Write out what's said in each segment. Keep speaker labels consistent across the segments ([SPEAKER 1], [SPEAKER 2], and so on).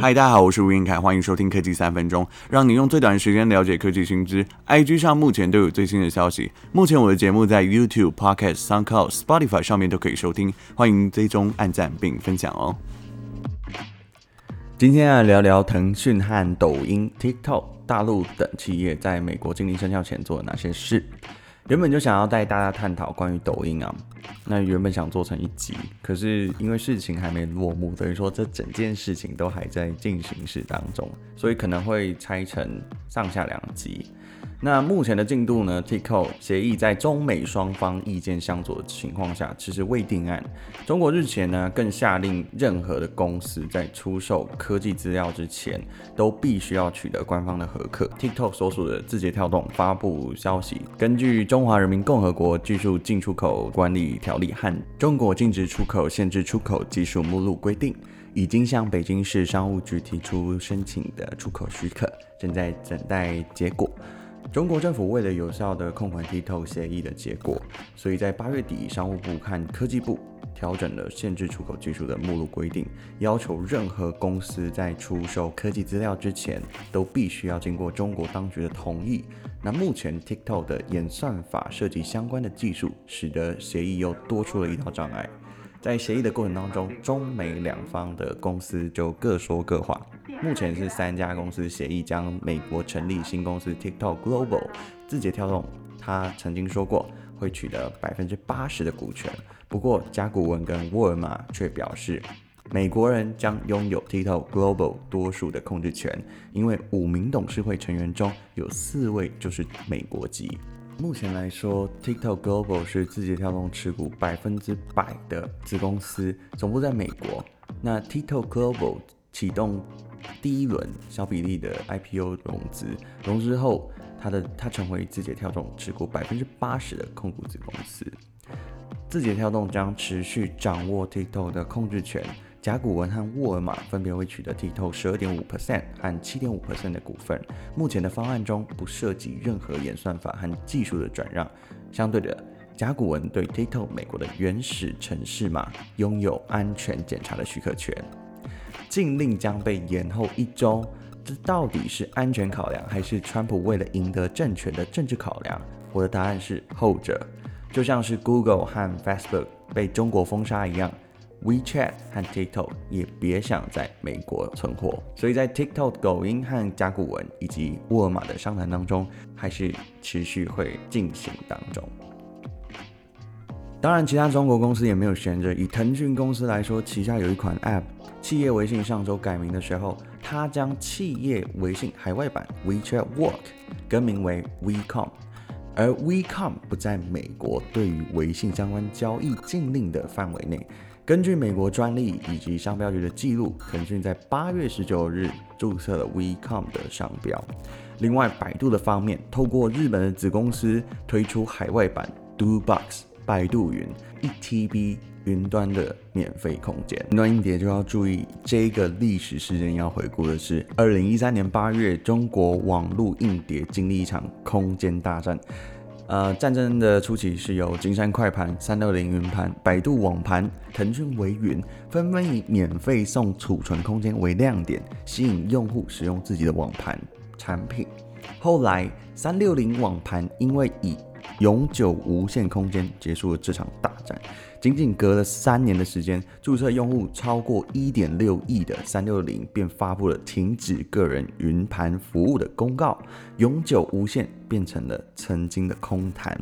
[SPEAKER 1] 嗨，大家好，我是吳晏愷，歡迎收聽科技三分鐘，讓你用最短的時間了解科技新知。IG 上目前都有最新的消息。目前我的節目在 YouTube、Podcast、SoundCloud、Spotify 上面都可以收聽，歡迎追蹤、按讚並分享哦。今天要來聊聊騰訊和抖音、TikTok、大陸等企業在美國禁令生效前做了哪些事。原本就想要帶大家探討關於抖音啊，那原本想做成一集，可是因為事情還沒落幕，等於說這整件事情都還在進行式當中，所以可能會拆成上下兩集。那目前的進度呢？TikTok 協議在中美雙方意見相左的情況下，其實未定案。中國日前呢，更下令任何的公司在出售科技資料之前，都必須要取得官方的核可。TikTok 所屬的字節跳動發布消息，根據《中華人民共和國技術進出口管理條例》和《中國禁止出口、限制出口技術目錄》規定，已經向北京市商務局提出申請的出口許可，正在等待結果。中國政府為了有效地控管 TikTok 協議的結果，所以在八月底，商務部和科技部調整了限制出口技術的目錄規定，要求任何公司在出售科技資料之前，都必須要經過中國當局的同意。那目前 TikTok 的演算法涉及相關的技術，使得協議又多出了一道障礙。在協議的過程當中，中美兩方的公司就各說各話。目前是三家公司協議將美國成立新公司 TikTok Global。字節跳動，他曾經說過會取得百分之八十的股權。不過，甲骨文跟沃爾瑪卻表示，美國人將擁有 TikTok Global 多數的控制權，因為五名董事會成員中有四位就是美國籍。目前來說，TikTok Global 是字節跳動持股百分之百的子公司，總部在美國。那 TikTok Global 啟動第一輪小比例的 IPO 融資，融資後，它的它成為字節跳動持股百分之八十的控股子公司。字節跳動將持續掌握 TikTok 的控制權。甲骨文和沃爾瑪分別會取得 TikTok 12.5%和7.5%的股份。目前的方案中不涉及任何演算法和技術的轉讓。相對的，甲骨文對 TikTok 美國的原始程式碼擁有安全檢查的許可權。禁令將被延後一周。這到底是安全考量，還是川普為了贏得政權的政治考量？我的答案是後者。就像是 Google 和 Facebook 被中國封殺一樣。WeChat 和 TikTok 也別想在美國存活，所以在 TikTok、抖音和甲骨文以及沃爾瑪的商談當中，還是持續會進行當中。當然，其他中國公司也沒有閒着。以騰訊公司來說，旗下有一款 App 企業微信，上周改名的時候，它將企業微信海外版 WeChat Work 更名為 WeCom，而 WeCom 不在美國對於微信相關交易禁令的範圍內。根據美國專利以及商標局的記錄，騰訊在八月十九日註冊了 WeCom 的商標。另外，百度的方面，透過日本的子公司推出海外版 Dubox 百度雲 1TB 雲端的免費空間。那硬碟就要注意，這個歷史事件要回顧的是，二零一三年八月，中國網絡硬碟經歷一場空間大戰。呃，戰爭的初期是由金山快盤、三六零雲盤、百度網盤、騰訊微雲紛紛以免費送儲存空間為亮點，吸引用戶使用自己的網盤產品。後來，三六零網盤因為以永久無限空間結束了這場大戰，僅僅隔了三年的時間，注冊用戶超過一點六億的三六零便發布了停止個人雲盤服務的公告，永久無限變成了曾經的空談，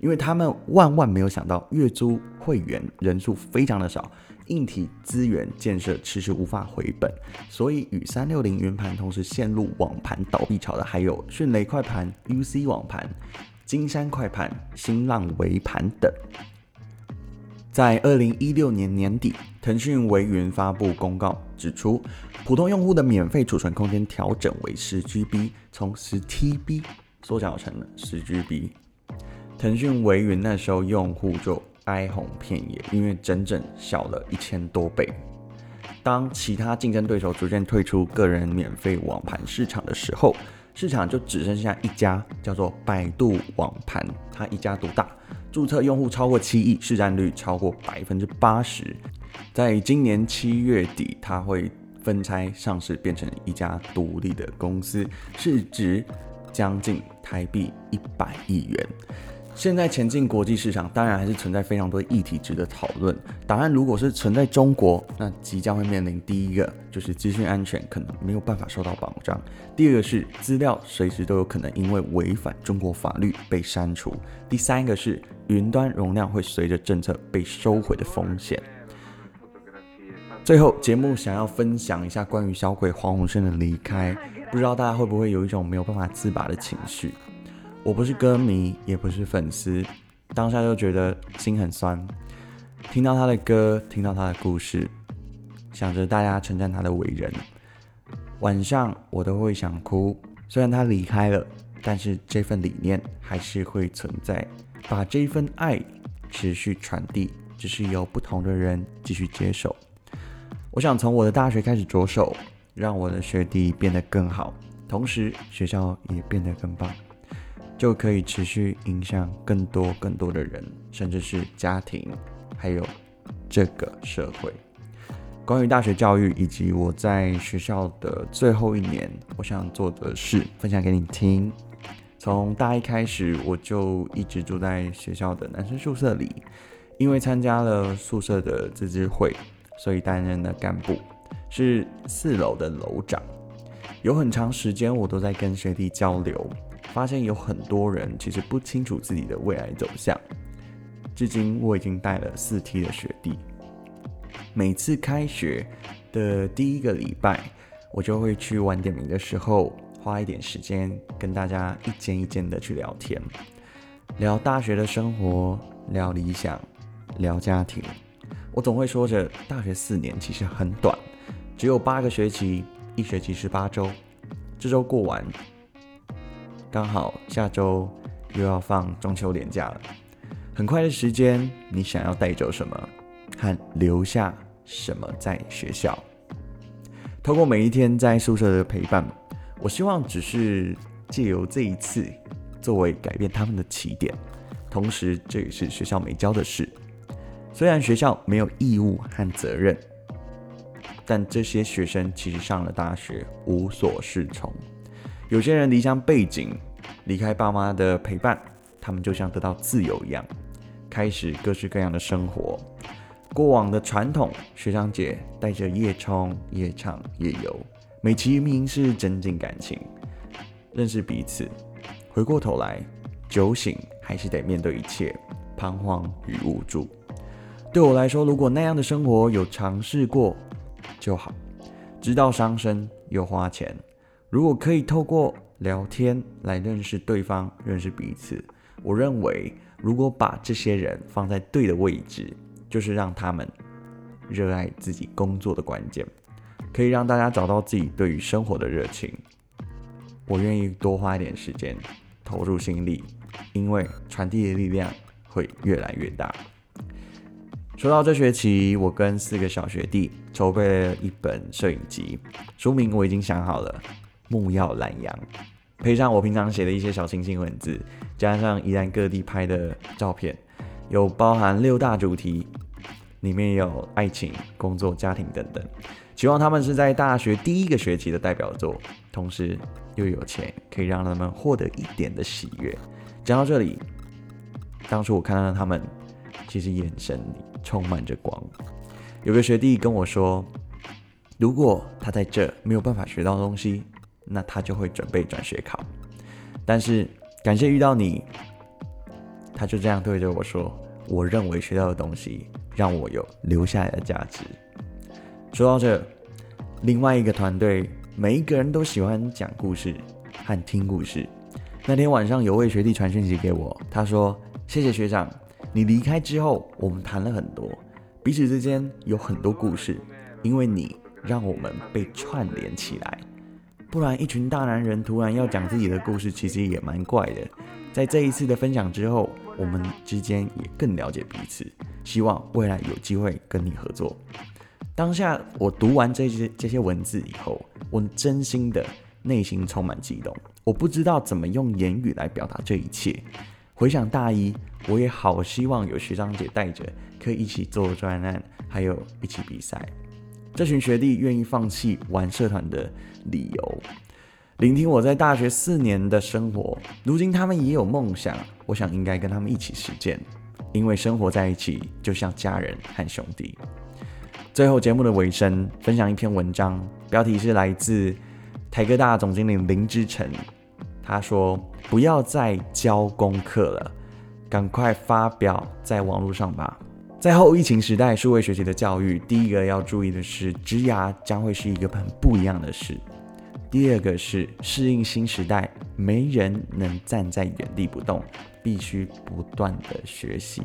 [SPEAKER 1] 因為他們萬萬沒有想到月租會員人數非常的少，硬體資源建設遲遲無法回本，所以與三六零雲盤同時陷入網盤倒閉潮的還有迅雷快盤、UC 網盤。金山快盤、新浪微盤等，在二零一六年年底，騰訊微雲發布公告，指出普通用戶的免費儲存空間調整為十 GB，從十 TB 縮小成了十 GB。騰訊微雲那時候用戶就哀鴻遍野，因為整整小了一千多倍。當其他競爭對手逐漸退出個人免費網盤市場的時候，市場就只剩下一家，叫做百度網盤，它一家獨大，註冊用戶超過七億，市占率超過百分之八十。在今年七月底，它會分拆上市，變成一家獨立的公司，市值將近台幣一百億元。現在前進國際市場，當然還是存在非常多的議題值得討論。檔案如果是存在中國，那即將會面臨，第一個就是資訊安全可能沒有辦法受到保障；第二個是資料隨時都有可能因為違反中國法律被刪除；第三個是雲端容量會隨着政策被收回的風險。最後，節目想要分享一下關於小鬼黃鴻升的離開，不知道大家會不會有一種沒有辦法自拔的情緒。我不是歌迷，也不是粉絲，當下就覺得心很酸。聽到他的歌，聽到他的故事，想着大家稱讚他的為人，晚上我都會想哭。雖然他離開了，但是這份理念還是會存在，把這份愛持續傳遞，只是由不同的人繼續接受。我想從我的大學開始着手，讓我的學弟變得更好，同時學校也變得更棒。就可以持續影響更多更多的人，甚至是家庭，還有這個社會。關於大學教育以及我在學校的最後一年，我想做的事，分享給你聽。從大一開始，我就一直住在學校的男生宿舍裡，因為參加了宿舍的自治會，所以擔任了幹部，是四樓的樓長。有很長時間，我都在跟學弟交流。發現有很多人其實不清楚自己的未來走向。至今我已經帶了四梯的學弟，每次開學的第一個禮拜，我就會去晚點名的時候花一點時間跟大家一間一間的去聊天，聊大學的生活，聊理想，聊家庭。我總會說着，大學四年其實很短，只有八個學期，一學期十八週，這周過完，剛好下周又要放中秋連假了，很快的時間，你想要帶走什麼和留下什麼在學校？透過每一天在宿舍的陪伴，我希望只是借由這一次作為改變他們的起點，同時這也是學校沒教的事。雖然學校沒有義務和責任，但這些學生其實上了大學無所適從。有些人離鄉背井，離開爸媽的陪伴，他們就像得到自由一樣，開始各式各樣的生活。過往的傳統學長姐帶着夜衝、夜唱、夜遊，美其名是增進感情，認識彼此。回過頭來，酒醒還是得面對一切彷徨與無助。對我來說，如果那樣的生活有嘗試過就好，知道傷身又花錢。如果可以透過聊天來認識對方、認識彼此，我認為如果把這些人放在對的位置，就是讓他們熱愛自己工作的關鍵，可以讓大家找到自己對於生活的熱情。我願意多花一點時間，投入心力，因為傳遞的力量會越來越大。說到這學期，我跟四個小學弟籌備了一本攝影集，書名我已經想好了。木耀懶羊，配上我平常寫的一些小清新文字，加上宜蘭各地拍的照片，有包含六大主題，裡面有愛情、工作、家庭等等。希望他們是在大學第一個學期的代表作，同時又有錢，可以讓他們獲得一點的喜悅。講到這裡，當初我看到他們，其實眼神裡充滿着光。有個學弟跟我說，如果他在這沒有辦法學到東西。那他就會準備轉學考，但是感謝遇到你，他就這樣對着我說：“我認為學到的東西讓我有留下來的價值。”說到這，另外一個團隊每一個人都喜歡講故事和聽故事。那天晚上有位學弟傳訊息給我，他說：“謝謝學長，你離開之後，我們談了很多，彼此之間有很多故事，因為你讓我們被串聯起來。”不然，一群大男人突然要講自己的故事，其實也蠻怪的。在這一次的分享之後，我們之間也更了解彼此。希望未來有機會跟你合作。當下我讀完這些這些文字以後，我真心的內心充滿激動。我不知道怎麼用言語來表達這一切。回想大一，我也好希望有學長姐帶着，可以一起做專案，還有一起比賽。這群學弟願意放棄玩社團的理由，聆聽我在大學四年的生活。如今他們也有夢想，我想應該跟他們一起實踐，因為生活在一起就像家人和兄弟。最後節目的尾聲，分享一篇文章，標題是來自台哥大總經理林之晨，他說：“不要再交功課了，趕快發表在網絡上吧。”在後疫情時代，數位學習的教育，第一個要注意的是，職涯將會是一個很不一樣的事。第二個是適應新時代，沒人能站在原地不動，必須不斷地學習。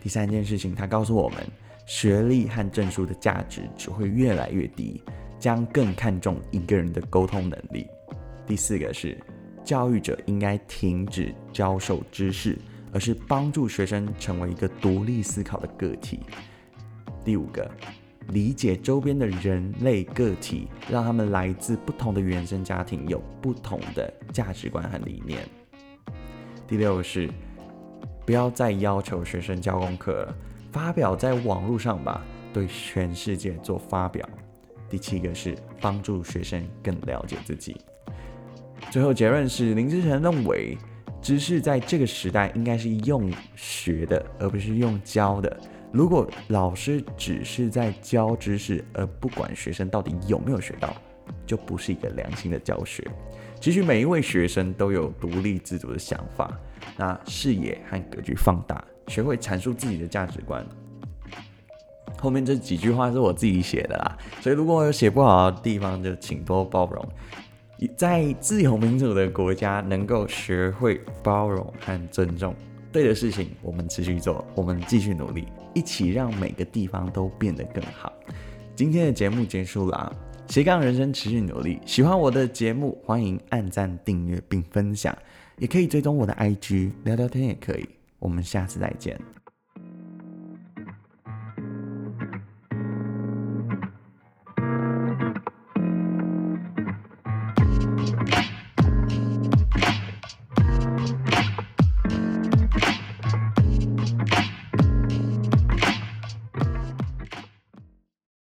[SPEAKER 1] 第三件事情，他告訴我們，學歷和證書的價值只會越來越低，將更看重一個人的溝通能力。第四個是，教育者應該停止教授知識。而是幫助學生成為一個獨立思考的個體。第五個，理解周邊的人類個體，讓他們來自不同的原生家庭，有不同的價值觀和理念。第六個是，不要再要求學生交功課了，發表在網絡上吧，對全世界做發表。第七個是幫助學生更了解自己。最後結論是，林之晨認為。知識在這個時代應該是用學的，而不是用教的。如果老師只是在教知識，而不管學生到底有沒有學到，就不是一個良心的教學。其實每一位學生都有獨立自主的想法，那視野和格局放大，學會闡述自己的價值觀。後面這幾句話是我自己寫的啦，所以如果我有寫不好的地方，就請多包容。在自由民主的國家，能夠學會包容和尊重。對的事情，我們持續做，我們繼續努力，一起讓每個地方都變得更好。今天的節目結束了啊！斜槓人生持續努力。喜歡我的節目，歡迎按讚、訂閱並分享，也可以追蹤我的 IG 聊聊天，也可以。我們下次再見。